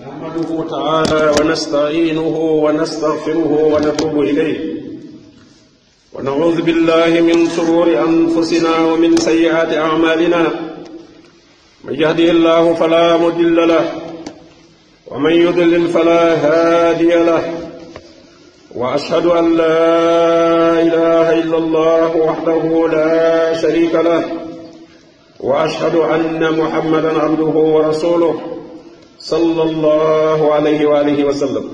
نحمده تعالى ونستعينه ونستغفره ونتوب إليه ونعوذ بالله من شرور أنفسنا ومن سيئات أعمالنا من يهده الله فلا مضل له ومن يضلل فلا هادي له وأشهد أن لا إله إلا الله وحده لا شريك له وأشهد أن محمدا عبده ورسوله صلى الله عليه وآله وسلم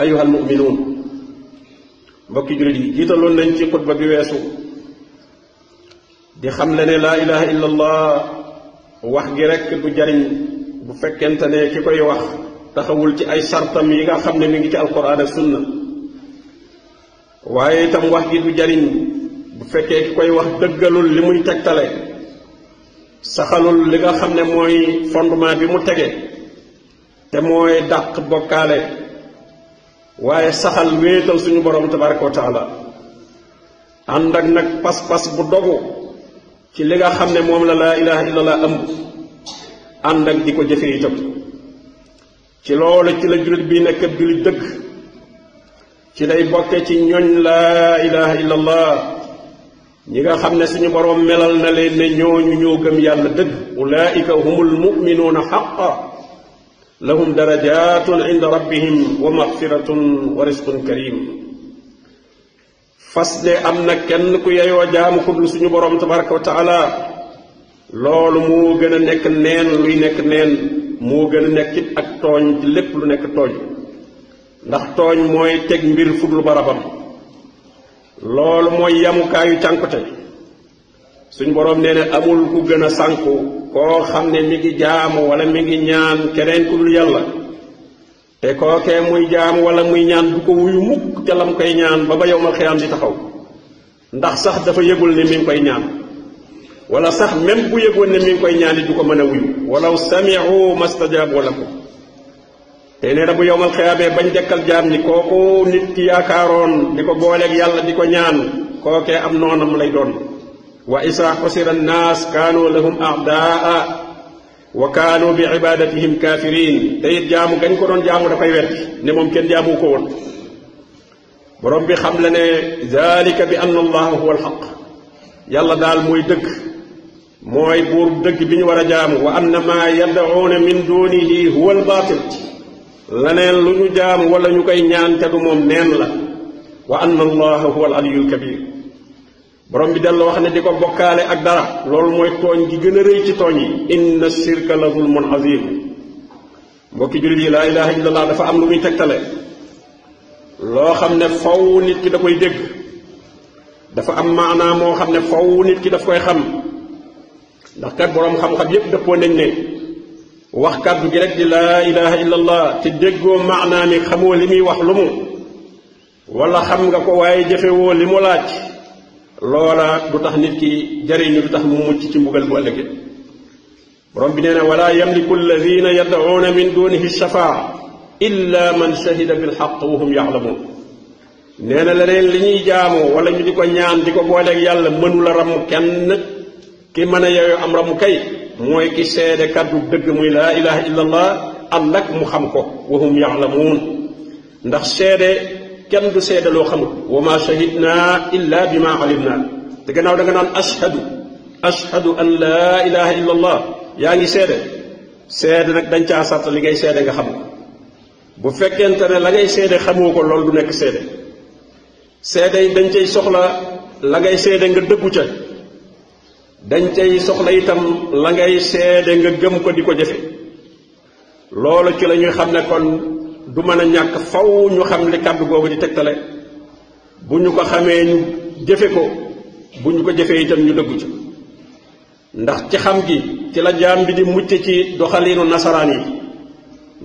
أيها المؤمنون بكي جريدي جيت لون ننتي قد ببي ويسو دي خم لني لا إله إلا الله وح جرك بو بفك بو فكين تني كي كوي وح تخول أي سرطم يغا خم لني كي القرآن السنة وآية تم وح جرين بو فكين كي كوي وح دقلو لمي saxalul li nga xam ne mooy fondement bi mu tege te mooy daq bokkaale waaye saxal wéetal suñu borom tabaraka wa taala ànd ak nag pas-pas bu dogu ci li nga xam ne moom la laa ilaha illallah ëmb ànd ak di ko jëfee itam ci loolu ci la jullit bi nekk jullit dëgg ci lay bokke ci ñoñ laa ilaha illallah ñi nga xam ne suñu borom melal na leen ne ñooñu ñoo gëm yàlla dëgg ulaika humul muminuuna xaqa lahum darajatun inda rabbihim wa maghfiratun wa rizqun karim fas de am na kenn ku yeyoo jaamu dul suñu borom tabaraka wa taala loolu moo gën a nekk neen luy nekk neen moo gën a nekk ak tooñ ci lépp lu nekk tooñ ndax tooñ mooy teg mbir fudul barabam loolu mooy yamukaayu cànkute suñ boroom nee na amul ku gën a sànku koo xam ne mi ngi jaamu wala mi ngi ñaan keneen ku dul yàlla te kookee muy jaamu wala muy ñaan du ko wuyu mukk ca lam koy ñaan ba ba yow ma xiyaam di taxaw ndax sax dafa yëgul ne mi ngi koy ñaan wala sax même bu yëgoon ne mu ngi koy ñaan du ko mën a wuyu walaw sami'u mastajaabu lakum te nee na bu yowmal xiyaamee bañ dekkal jaam ñi kooku nit ki yaakaaroon di ko booleeg yàlla di ko ñaan kookee am noonam lay doon wa isa xusira annaas kaanu lahum aadaa wa kaanu bi ibadatihim kafirin te it jaamu gañ ko doon jaamu dafay wet ne moom kenn jaamu ko woon borom bi xam la ne zalika bi anna allaha huwa alxaq yàlla daal mooy dëgg mooy buur dëgg bi ñu war a jaamu wa anna ma yad'uuna min dunihi huwa albaatil leneen lu ñu jaam wala ñu koy ñaan te du moom neen la wa anna allaha huwa al aliyul kabir borom bi dellu wax ne di ko bokkaale ak dara loolu mooy tooñ gi gën a rëy ci tooñ yi inna shirka la zulmun azim mbokki jullit yi laa ilaha illallah dafa am lu muy tegtale loo xam ne faw nit ki da koy dégg dafa am maanaa moo xam ne faw nit ki daf koy xam ndax kat boroom xam-xam yépp dëppoo nañ ne wax kàddu gi rek di laa ilaha illallah te déggoo maanaa mi xamoo li muy wax lu mu wala xam nga ko waaye jëfewoo li mu laaj loola du tax nit ki jariñu du tax mu mucc ci mbugal bu ëllëgee borom bi nee na wala yamliku alladina yad'uuna min dunihi shafaa illa man shahida bilxaq wa hum ya'lamuun nee na leneen li ñuy jaamu wala ñu di ko ñaan di ko booleeg yàlla mënu la ramm kenn ki mën a yeyoo am ramm kay mooy ki seede kaddu dëgg muy laa ilaha illallah ànd ak mu xam ko wahum yaalamuun ndax seede kenn du seede loo xamul wa ma shahidna illa bi ma alimna te gannaaw da nga naan ashhadu ashhadu an laa ilaha illallah yaa ngi seede seede nag dañ caa sart li ngay seede nga xam ko bu fekkente ne la ngay seede xamoo ko loolu du nekk seede seede yi dañ cay soxla la ngay seede nga dëggu ca dañ cay soxla itam la ngay seede nga gëm ko di ko jëfe loolu ci la ñuy xam ne kon du mën a ñàkk faw ñu xam li kàddu googu di tegtale bu ñu ko xamee ñu jëfe ko bu ñu ko jëfe itam ñu dëggu ci ndax ci xam gi ci la jaam bi di mucc ci doxaliinu nasaraan yi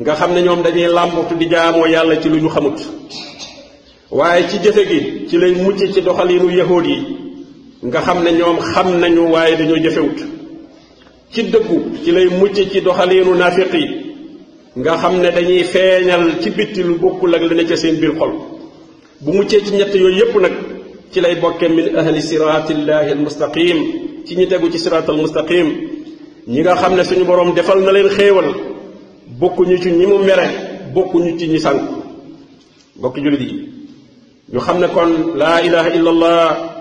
nga xam ne ñoom dañuy làmbatu di jaamoo yàlla ci lu ñu xamut waaye ci jëfe gi ci lay mucc ci doxaliinu yahood yi nga xam ne ñoom xam nañu waaye dañoo jëfewut ci dëggu ci lay mucc ci doxaleenu naafiq yi nga xam ne dañuy feeñal ci bitti lu bokkul ak la ne ca seen biir xol bu muccee ci ñett yooyu yépp nag ci lay bokke min ahli sirati llahi almustaqim ci ñi tegu ci sirat almustaqim ñi nga xam ne suñu borom defal na leen xéewal bokkuñu ci ñi mu mere bokkuñu ci ñi sànk bokki julit yi ñu xam ne kon la ilaha illa allah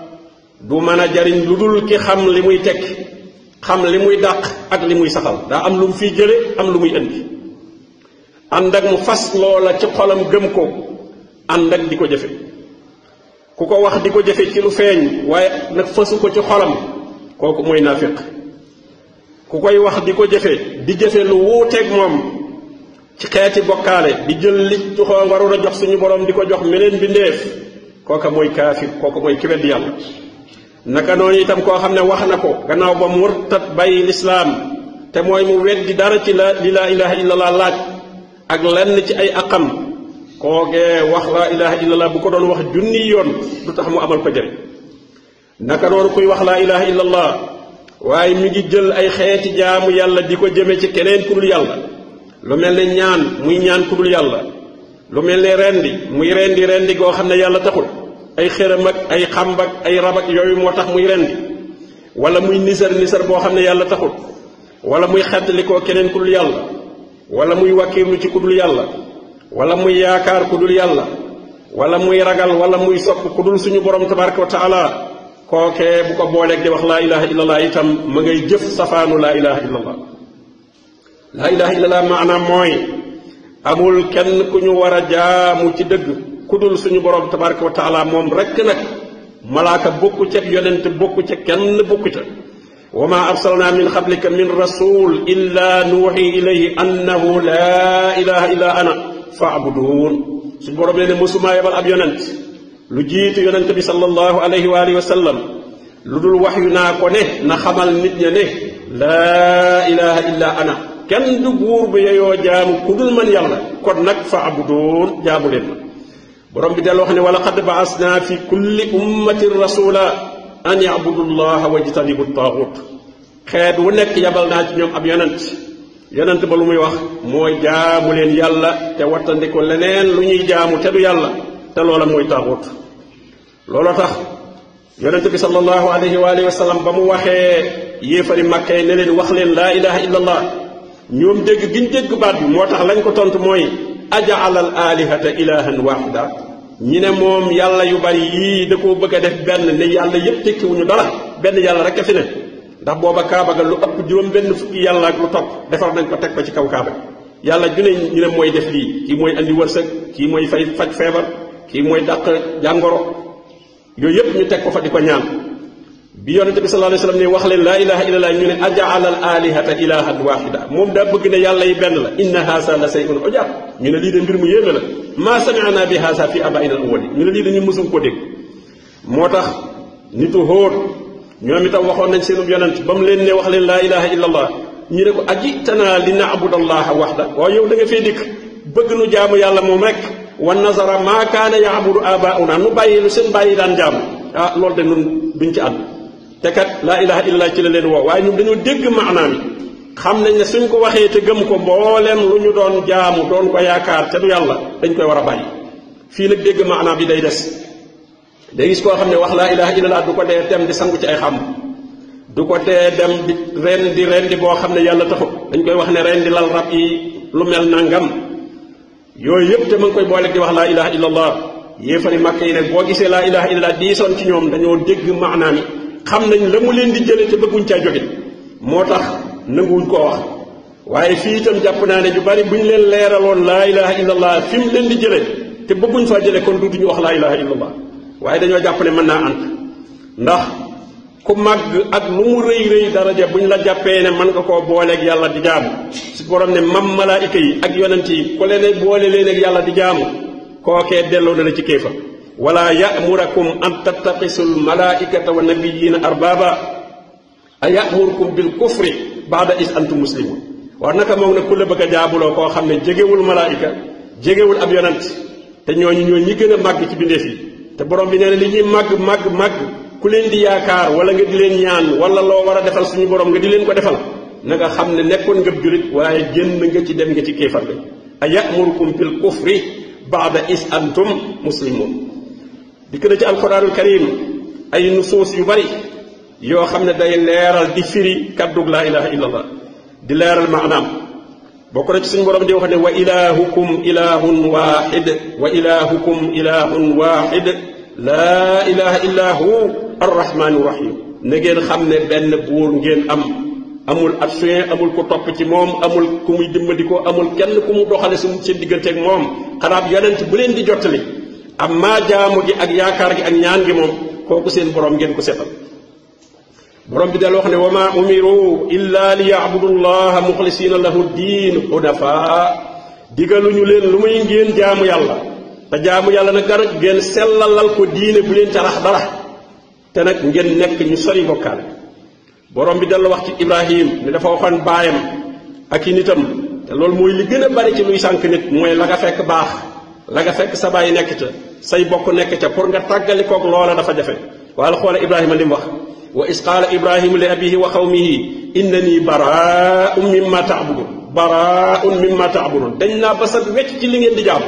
du mën a jariñ lu dul ki xam li muy teg xam li muy dàq ak li muy saxal daa am lu mu fiy jële am lu muy indi ànd ak mu fas loola ci xolam gëm ko ànd ak di ko jëfe ku ko wax di ko jëfe ci lu feeñ waaye nag fasu ko ci xolam kooku mooy naafiq ku koy wax di ko jëfe di jëfe lu wuuteeg moom ci xeeti bokkaale di jël li xoo warul a jox suñu borom di ko jox meneen bindeef kooka mooy kaafir kooka mooy ki wedd yàlla naka noonu itam koo xam ne wax na ko gannaaw ba murtat bàyyi lislaam te mooy mu weddi dara ci la li laa ilaha illallah laaj ak lenn ci ay aqam koogee wax laa ilaha illallah bu ko doon wax junni yoon lu tax mu amal ko jëriñ naka noonu kuy wax laa ilaha illallah waaye mu ngi jël ay xeeti jaamu yàlla di ko jëme ci keneen ku dul yàlla lu mel ne ñaan muy ñaan ku yàlla lu mel ne rendi muy rendi rendi goo xam ne yàlla taxul ay xëram ak ay xàmb ak ay rab ak yooyu moo tax muy rendi wala muy nisar nisar boo xam ne yàlla taxul wala muy koo keneen ku dul yàlla wala muy wàkkiirlu ci ku dul yàlla wala muy yaakaar ku dul yàlla wala muy ragal wala muy sopp ku dul suñu borom tabaraka wa taala kookee bu ko booleeg di wax laa ilaha illallah itam ma ngay jëf safaanu laa ilaha illallah laa ilaha illallah maanaam mooy amul kenn ku ñu war a jaamu ci dëgg كدون سني برام تبارك وتعالى موم ركنا ملاك بوكوتك يلنت بوكوتك كن بوكوتك وما أرسلنا من قبلك من رسول إلا نوحي إليه أنه لا إله إلا أنا فاعبدون سني برام لنا مسوما يبال أب يلنت لجيت يلنت صلى الله عليه وآله وسلم لدول وحي ناكو نه نخمل نتنا نه لا إله إلا أنا كن دبور بيو جام كدول من يلنا كنك فاعبدون جابو borom bi del wax ne wala qad baasna fi kulli ummatin rasula an yabudu llah wajtanibu taaxut xeet wu nekk yabal naa ci ñoom ab yonent yonent ba lu muy wax mooy jaamu leen yàlla te wattandiku leneen lu ñuy jaamu te du yàlla te loola mooy taaxut looloo tax yonente bi salallahu alayhi wa sallam ba mu waxee yéefari makkay ne leen wax leen laa ilaha illa allah ñoom dégg giñ dégg baat bi moo tax lañ ko tontu mooy aja'ala al alihata ilahan wahda ñi ne moom yàlla yu bari yii da koo bëgg a def benn ne yàlla yépp tekkiwuñu dara benn yàlla rek a fi ne ndax booba kaaba ga lu ëpp juróom benn fukki yàlla ak lu topp defar nañ ko teg ko ci kaw kaaba yàlla ju ne ñu ne mooy def lii kii mooy andi wërsëg kii mooy fay faj feebar kii mooy daq jàngoro yooyu yépp ñu teg ko fa di ko ñaan bi yonente bi sallallahu alayhi wax leen laa ilaha illallah ñu ne ajaala al alihata ilahan wahida moom daa bëgg ne yàlla yi benn la inna haasa la sayun ojab ñu ne lii de mbir mu yéeme la maa sami'na bi haasa fi abaina al awwali ñu ne lii dañu mësul ko dégg moo tax nitu hóot ñoom itam waxoon nañ seenub yonent ba mu leen ne wax leen laa ilaha illallah ñu ne ko ajitanaa li naabudallaha waxda waaw yow da nga fee dikk bëgg nu jaamu yàlla moom rek wa nazara maa kaana yaabudu abaauna nu bàyyi lu seen bàyyi daan jaamu ah loolu de nun duñ ci ànd te kat laa ilaha illallah ci la leen woo waaye ñun dañoo dégg maanaam xam nañ ne suñ ko waxee te gëm ko mbooleem lu ñu doon jaamu doon yaakaar te yàlla dañ koy war a bàyyi fii nag dégg maanaam bi day des day gis xam ne wax laa ilaha illallah du ko dee dem di sangu ci ay xàmb du ko dee dem di ren di ren di boo xam ne yàlla taxut dañ koy wax ne ren di lal yi lu mel nangam yooyu yëpp te ngi koy boole di wax laa ilaha illallah yéefari màkk yi nag boo gisee laa ilaha illallah diisoon ci ñoom dañoo dégg maanaam yi xam nañ la mu leen di jëlee te bëgguñ caa jóge moo tax nanguwuñ koo wax waaye fii tam jàpp naa ne ñu bari bu ñu leen leeraloon laa ilaha illallah fi mu leen di jëlee te bëgguñ faa jëlee kon duutuñu wax laa ilaha illallah waaye dañoo jàppale ne mën naa ànd ndax ku màgg ak lu mu rëy rëy daraja ñu la jàppee ne mën nga koo booleek yàlla di jaamu si borom ne mam malaayika yi ak yonent yi ku leen boole leen ak yàlla di jaamu kookee delloo na la ci kéefa ولا يأمركم أن تتخذوا الملائكة والنبيين أربابا أيأمركم بالكفر بعد إذ أنتم مسلمون ونكا مونا كل بك جابلو كو خامن جيغيول ملائكة جيغيول أب يونانت te ñooñu ñoo ñi gën a ci bindee fii te borom bi nee na li ñuy màgg màgg màgg ku leen di yaakaar wala nga di leen ñaan wala loo war defal suñu borom nga di leen ko defal na nga xam ne bil kufri is antum muslimun dikk na ci alquranul karim ay nusuus yu bari yoo xam ne day leeral di firi kàddug laa ilaha illa allah di leeral maanaam bokk na ci suñ borom di wax ne wa ilahukum ilahun waxid wa ilahukum ilahun waxid laa ilaha illa hu arrahmanu rahim na ngeen xam ne benn buur ngeen am amul ab soin amul ku topp ci moom amul ku muy dimbandikoo amul kenn ku mu doxale su seen digganteeg moom xanaa yonent bu leen di jottali amma jaamu gi ak yaakaar gi ak ñaan gi moom kooku seen boroom ngeen ko setal boroom bi dal wax ne wa ma umiru illa li yaabudu llaha muxlisina lahu diin xunafaa digaluñu leen lu muy ngeen jaamu yàlla te jaamu yàlla nag dara ngeen sellalal ko diine bu leen ca rax dara te nag ngeen nekk ñu sori bokkaale borom bi dal wax ci ibrahim ne dafa waxoon baayam ak i nitam te loolu mooy li gën a bari ci luy sànk nit mooy la nga fekk baax la nga fekk sa bàyyi nekk ca say bokk nekk ca pour nga tàggali koog loola dafa jafe waal xoola ibrahima lim wax wa is qaala ibrahimu li abihi wa xawmihi innani baraaun mimma taabudun baraaun mimma taabudun dañ naa basat wecc ci li ngeen di jaamu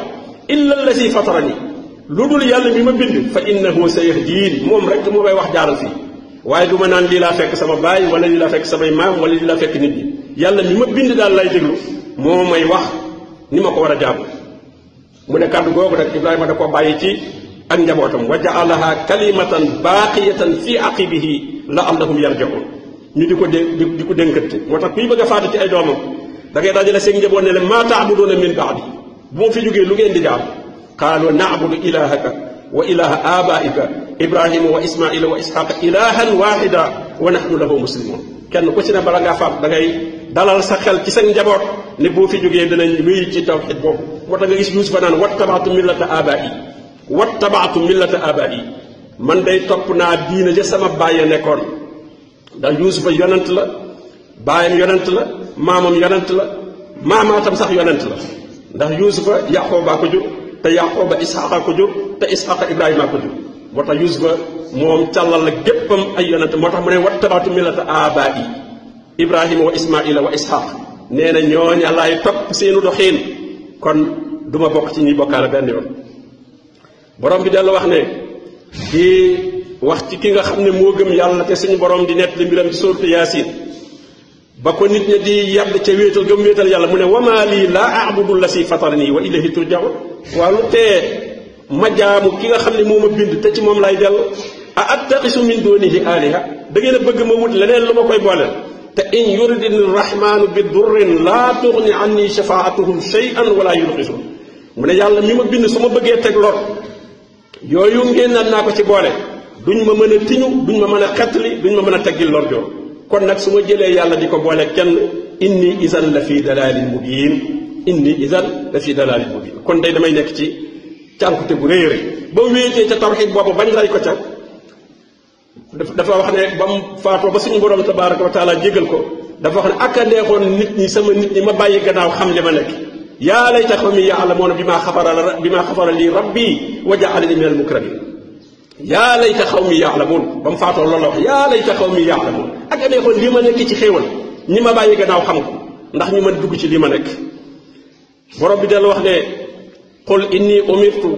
illa allazi fatarani lu dul yàlla mi ma bind fa innahu sa yahdiin moom rek moo may wax jaaral fii waaye du ma naan lii laa fekk sama bàyyi wala lii laa fekk samay maam wala lii laa fekk nit ñi yàlla mi ma bind daal lay déglu moo may wax ni ma ko war a jaamu mu ne kàddu googu nag Ibrahima da koo bàyyi ci ak njabootam wa jaalaha kalimatan baaqiyatan fi aqibihi la allahum yarjaun ñu di ko dé di ko dénkante moo tax kuy bëgg a faatu ci ay doomam da ngay dajale seen njaboot ne leen maa taabuduuna min baadi bu ma fi jógee lu ngeen di jaam qaalu naabudu ilahaka wa ilaha abaika ibrahima wa ismaila wa isxaqa ilahan waxida wa nahnu lahu muslimun kenn ku ci ne bala ngaa da ngay dalal sa xel ci seen njaboot ne boo fi jógee dinañ wéy ci tawxid boobu moo tax nga gis Yuusufa naan wattabaatu millata abai wattabaatu millata abai man day topp naa diina ja sama bàyye nekkoon ndax Yuusufa yonent la baayam yonent la maamam yonent la maamaatam sax yonent la ndax Yuusufa Yaxooba ko jur te Yaxooba Isxaaqa ko te ishaqa ibrahima ko jur moo tax yusuf moom la geppam ay yonent moo mune mu millata Abai, ibrahima wa ismaila wa ishaq neena na ñooña top topp seenu kon duma bok ci ñi bokal ben yon borom bi wax ne di wax ci ki nga xamne mo gem yalla te suñu borom di net li mbiram ci sourate yasin ba ko nit ñi di yab ci wetal gem wetal yalla mune wama li la abudu allati si wa ilayhi turjaun walu te ma jaamu ki nga xam ne moo ma bind te ci moom lay dellu a attaqisu min dunihi aliha da ngeen a bëgg ma wut leneen lu ma koy booleel te in yuridini rahmaanu bi durrin laa tugni anni shafaatuhum shay'an wala yunqisun mu ne yàlla mi ma bind su ma bëggee teg lor yooyu ngeen naan naa ko ci boole duñ ma mën a tiñu duñ ma mën a xettali duñ ma mën a teggil lor joo kon nag su ma jëlee yàlla di ko boole kenn inni isan la fi dalaalin mubiin inni isan la fi dalaalin mubiin kon day damay nekk ci cànkute bu rëy rëy ba mu wéetee ca tawxiid boobu bañ lay ko ca dafa wax ne ba mu faatoo ba suñu borom tabaaraka wa taala jégal ko dafa wax ne ak neexoon nit ñi sama nit ñi ma bàyyi gannaaw xam li ma nekk yaa lay tax fa mi yaalamoona bi maa xabaral bi maa xabaral lii rabbi wa jaalani min al mukramin yaa layta xaw mi yaalamuun ba mu faatoo loolu la wax yaa layta xaw mi yaalamuun ak a neexoon li ma nekk ci xéewal ñi ma bàyyi gannaaw xam ko ndax ñu mën dugg ci lii ma nekk borom bi dellu wax ne qul inni umirtu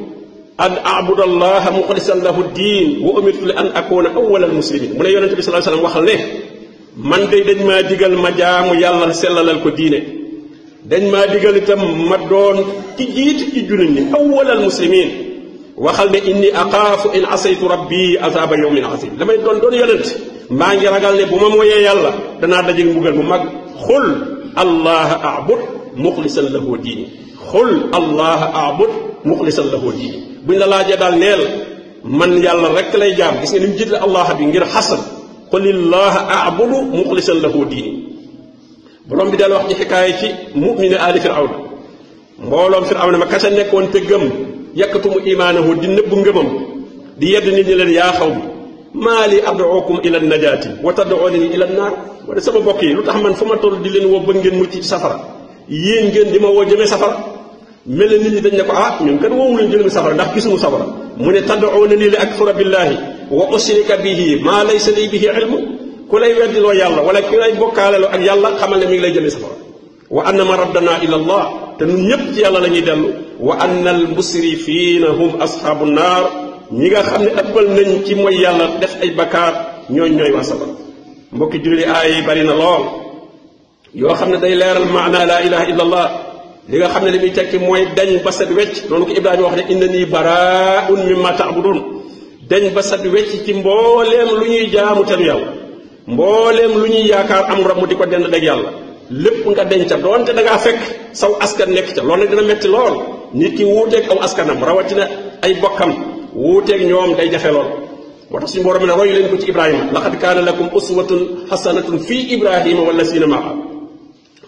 an abuda allaha muxlisan lahu diin wa umirtu li an akuna awwal al muslimin mu ne bi sallallahu wa sallam waxal ne man de dañ ma digal ma jaamu yàlla sellalal ko diine dañ maa digal itam ma doon ci jiit ci jullit ñi awwal al muslimin waxal ne inni axaafu in asaytu rabbi azaba yawmin azim damay doon doon yonent maa ngi ragal ne bu ma moyee yàlla danaa dajeg mbugal mu mag xul allaha abud muxlisan lahu diini xul allah abud la lahu diini buñ la laajee daal neel man yàlla rek lay jaam gis nga ni mu jiital allah bi ngir xasan qulillaha abudu la lahu diini borom bi daan wax ci xikaaya ci mumine aali firawna mbooloom firawna ma kasa nekkoon te gëm yakkatumu imaanahu di nëbb ngëmam di yedd nit ñi leen yaa xaw mi maa li ad'ukum ila najaati wa tad'uunani ila naar wala sama bokk yi lu tax man fu ma toll di leen woo bëgg ngeen mucc ci safara yéen ngeen di ma jëmee safara mel nit ñi dañ ne ko ah ñun kat woowu leen jëlum safara ndax gisuñu safara mu ne tad'uuna li akfura billahi wa ushrika bihi ma laysa li bihi ilmu ku lay weddiloo yàlla wala ku lay bokkaaleloo ak yàlla xamal ne mi ngi lay jëmee safara wa annama rabbana ila allah te ñun ñëpp ci yàlla la ñuy dellu wa anna al musrifina hum ashabu nnaar ñi nga xam ne ëppal nañ ci mooy yàlla def ay bakkaar ñooñ ñooy waa safara mbokki julli aay yi bari na lool yoo xam ne day leeral maanaa laa ilaha illa allah li nga xam ne li muy tekki mooy dañ ba sat wecc noonu ko ibrahima wax ne inna nii baraun mimma taabudun dañ ba sat wecc ci mbooleem lu ñuy jaamu telu Lipun mbooleem lu ñuy yaakaar am rab mu di ko dend ak yàlla lépp nga denca doonte da ngaa fekk saw askan nekk ca loolu dina metti lool nit ki wuuteeg aw askanam rawatina ay bokkam wuuteeg ñoom day jafe lool moo tax suñu borom ne roy leen ko ci ibrahima laqad kaana lakum uswatun hasanatun fi Ibrahim wala sina maa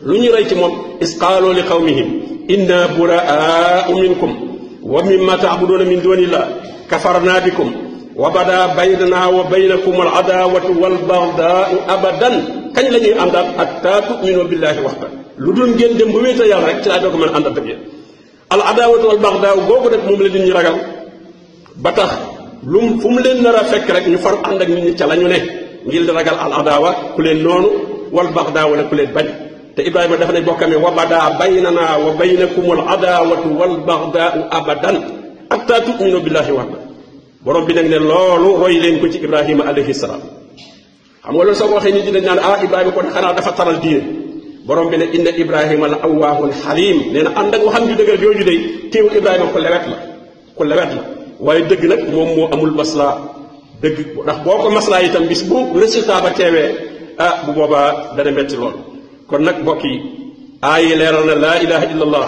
lu ñu rey ci moom is qaalu li qawmihim inna buraau minkum wa mimma taabuduuna min duunillah kafarna bikum wa bada baynana wa baynakum al adaawatu wal bagdaau abadan kañ la ñuy àndaat hatta tuminu billahi waxda lu dul ngeen dem ba rek ci laa a àndaat ak yéen al adaawatu wal moom la nit ragal ba tax lum fu mu leen nar a fekk rek ñu far ànd ak nit ca la ñu ne ngir ragal al adaawa ku leen noonu wal bagdaaw la ku leen bañ te Ibrahima dafa ne bokkam yi wa bada baynana wa baynakumul adawatu wal bagdaau abadan hatta tuminu billahi wahda borom bi nag ne loolu roy leen ko ci Ibrahima alayhi salaam xam nga loolu soo ko waxee nit ñi dañ naan ah Ibrahima kon xanaa dafa taral diine borom bi ne inna Ibrahima la awwaahun xaliim nee na ànd ak waxam ju dëgër yooyu de teewul Ibrahima ku lewet la ku lewet la waaye dëgg nag moom moo amul maslaa dëgg ndax boo ko maslaa itam bis bu résultat ba teewee ah bu boobaa dana metti lool. kon nag mbokk yi aay leeral na laa ilaha illa allah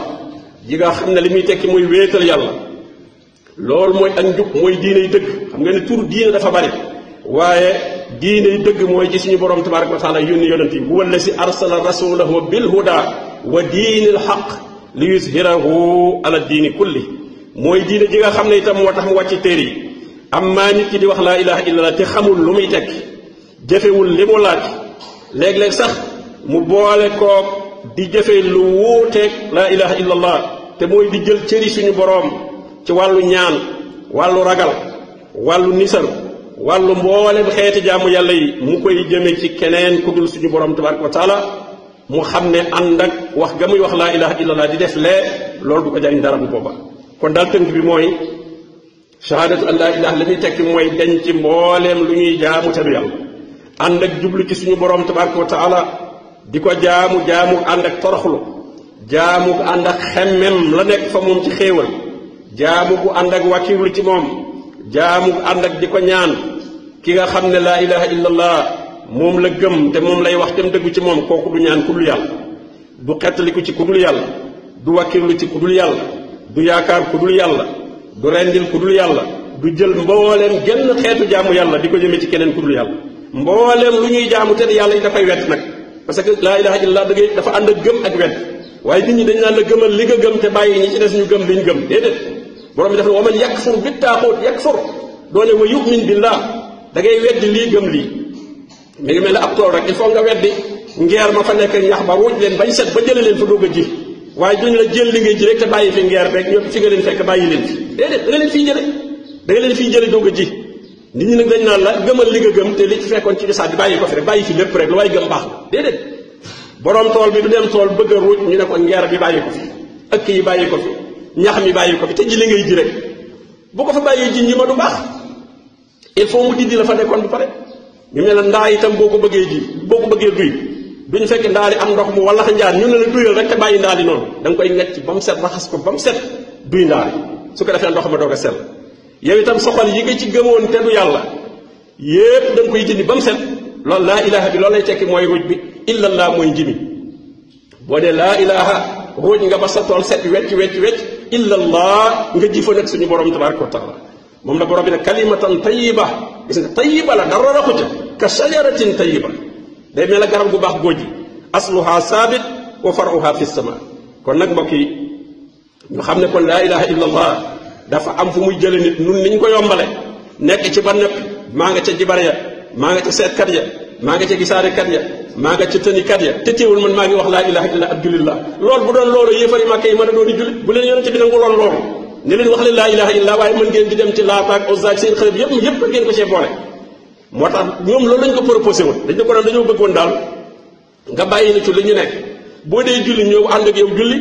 yi nga xam ne li muy tekki mooy wéetal yàlla loolu mooy ak njub mooy diine yi dëgg xam nga ne tur diine dafa bari waaye diine yi dëgg mooy ci suñu borom tabaraka wa taala yónni yonent yi huwa allasi arsala rasulahu bil huda wa diini l li yuzhirahu ala diini kulli mooy diine ji nga xam ne itam moo tax mu wàcc téere yi ammaa nit ki di wax laa ilaha illa allah te xamul lu muy tekki jëfewul li mu laaj léeg-léeg sax mu boole kook di jëfe lu wuuteeg laa ilaha illallah te mooy di jël cëri suñu boroom ci wàllu ñaan wàllu ragal wàllu nisar wàllu mboolem xeeti jaamu yàlla yi mu koy jëme ci keneen ku dul suñu borom tabaraka wa taala mu xam ne ànd ak wax ga muy wax laa ilaha illallah di def lee loolu du ko jariñ dara bu booba kon daal tënk bi mooy shahadatu an laa ilaha la muy mooy dañ ci mbooleem lu ñuy jaamu te du yàlla ànd ak jublu ci suñu borom tabaraka wa taala di ko jaamu jaamu ànd ak toroxlu jaamu ànd ak xemmem la nekk fa moom ci xéewal jaamu gu ànd ak wàkkirlu ci moom jaamu ànd ak di ko ñaan ki nga xam ne laa ilaha illallah moom la gëm te moom lay wax te mu dëggu ci moom kooku du ñaan ku dul yàlla du xettaliku ci ku dul yàlla du wàkkirlu ci ku dul yàlla du yaakaar ku dul yàlla du rendil ku dul yàlla du jël mbooleem genn xeetu jaamu yàlla di ko jëmee ci keneen ku dul yàlla mbooleem lu ñuy jaamu te yàlla yi da koy parce que laa ilaha illallah da ngay dafa ànd ak gëm ak wedd waaye nit ñi dañ naan la gëmal li gëm te bàyyi ñi ci des ñu gëm li ñu gëm déedéet borom bi dafa ne waman yakfur bi taaxoot yakfur doo ne wa yumin billah da ngay weddi lii gëm lii mi ngi mel ne ab tool rek il faut nga weddi ngeer ma fa nekk ñax ba ruuj leen bañ set ba jële leen fa doog a ji waaye duñ la jël li ji rek te bàyyi fi ngeer beeg ñoom fi nga leen fekk bàyyi leen fi déedéet nit ñi nag dañ naan la gëmal li nga gëm te li fekkoon ci gisaat bi bàyyi ko fi rek bàyyi fi lépp rek lu way gëm baax na déedéet boroom tool bi du dem tool bëgg a ruuj ñu ne ko ngeer bi bàyyi ko fi ëkk yi bàyyi ko fi ñax mi bàyyi ko fi te ji li ngay ji rek boo ko fa bàyyee ji ñi ma du baax il fa mu dindi la fa nekkoon bu pare ñu mel ne yi tam boo ko bëggee ji boo ko bëggee duy duñ fekk ndaali am ndox mu walax njaar ñu ne la duyal rek te bàyyi ndaali noonu da nga koy ngecc ba mu set raxas ko ba mu set duy su ko defee ndox ma doog a sell yow itam soxal yi nga ci gëmoon te du yàlla yépp da ko koy dindi ba mu set lool laa ilaha bi loolu lay tekki mooy ruuj bi illallah mooy njimi boo dee laa ilaha ruuj nga ba sa tool set wecc wecc wecc illallah nga jifa nag suñu borom tabaraka wa taala moom la borom bi ne kalimatan tayiba gis nga tayiba la dara raxu ca ka sajaratin tayiba day mel la garab gu baax góoj asluha saabit wa faruha fi sama kon nag mbokk yi ñu xam ne kon laa ilaha illallah dafa am fu muy jële nit nun niñ ko yombale nekk ci ba nëpp maa nga ca jibar ya maa nga ca seetkat ya maa nga ca gisaarekat ya maa nga ca tënikat ya te teewul man maa ngi wax laa ilaha illallah abdulillah loolu bu doon loolu yéefari màkk yi mën a doon di jullit bu leen yonente bi nangu loon loolu ne leen wax leen laa ilaha illallah waaye mën ngeen di dem ci laataak osaak seen xarit yëpp yëpp mën ngeen ko cee boole moo tax ñoom loolu lañ ko proposé woon dañ ne ko naan dañoo nga bàyyi na ci li ñu nekk boo dee julli ñëw ànd ak yow julli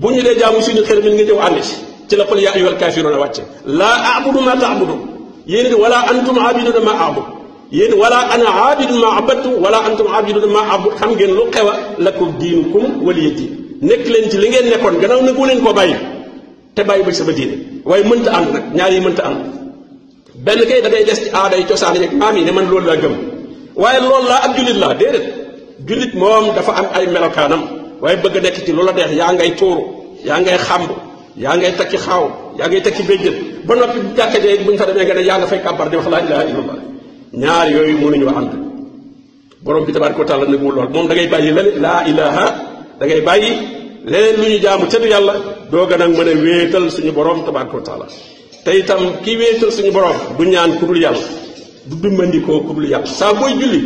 bu ñu dee jaamu suñu xel mi nga ñëw ànd ci تلا قل يا أيها الكافرون واتي لا أعبد ما تعبدون ين ولا أنتم عابدون ما أعبد ين ولا أنا عابد ما عبدت ولا أنتم عابدون ما أعبد xam ngeen lu xewa lakum diinukum waliya diin nekk leen ci li ngeen nekkoon gannaaw nagu leen ko bàyyi te bàyyi ba sama diine waaye mënta ànd nag ñaar yi mënta ànd benn kay da ngay des ci aaday cosaan yi maam yi ne man loolu laa gëm waaye loolu laa ab jullit laa déedéet jullit moom dafa am ay melokaanam waaye bëgg nekk ci loola deex yaa ngay tuuru yaa ngay xàmb yaa ngay takki xaaw yaa ngay takki béjjën ba noppi jàkka jee bu ñu fa demee nga ne yaa nga fay kàbbar di wax laa ilaha illallah ñaar yooyu mënuñoo ànd borom bi tabaaraka wa taala nanguwul lool moom dangay ngay bàyyi lale laa ilaha da ngay bàyyi leneen lu ñu jaamu ca du yàlla dooga nag mën a wéetal suñu borom tabaaraka wa taala te itam ki wéetal suñu borom du ñaan ku dul yàlla du dimbandikoo ku dul yàlla saa booy julli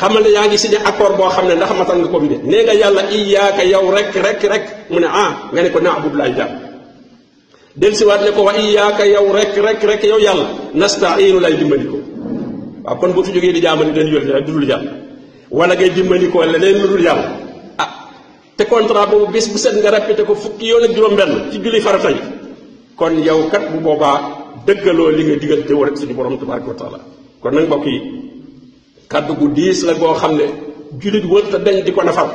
xamal ne yaa ngi signé accord boo xam ne ndax matal nga ko mbir nee nga yàlla iyaaka yow rek rek rek mu ne ah nga ne ko naa abudulaay jàmm del siwaat ne ko wa iyaaka yow rek rek rek yow yàlla nastainu lay dimbandikoo waaw kon boo fi jógee di jaamani dañu yónni rek dudul yàlla wala ngay dimbandikoo leneen lu dul yàlla ah te contrat boobu bés bu set nga répété ko fukki yoon ak juróom-benn ci julli farata yi kon yow kat bu boobaa dëggaloo li nga diggante war ak suñu borom tabaraka wa taala kon nag mbokk yi kàddu gu diis la goo xam ne jullit wër te dañ di ko nafar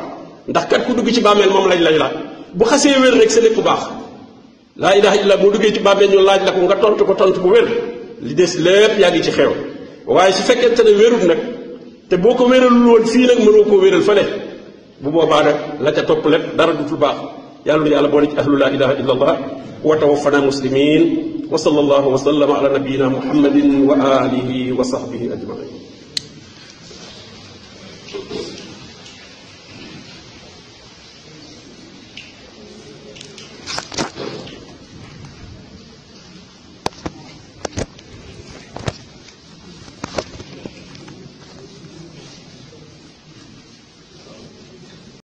ndax kat ku dugg ci bàmmeel moom lañ lay laaj bu xasee wér rek sa lépp baax laa ilaha illa boo duggee ci bàmmee ñu laaj la ko nga tontu ko tontu bu wér li dess lépp yaa ngi ci xew waye su fekkente ne wérut nak te boko weral lu won fi nak mënoo koo wéral fële bu boba nak la ca top lépp dara du dutul baax yàlla nu yàlla boole ci ahlul la ilaha illa allah wa tawaffana muslimin wa sallallahu wa sallama ala nabiyina muhammadin wa alihi wa sahbihi ajmain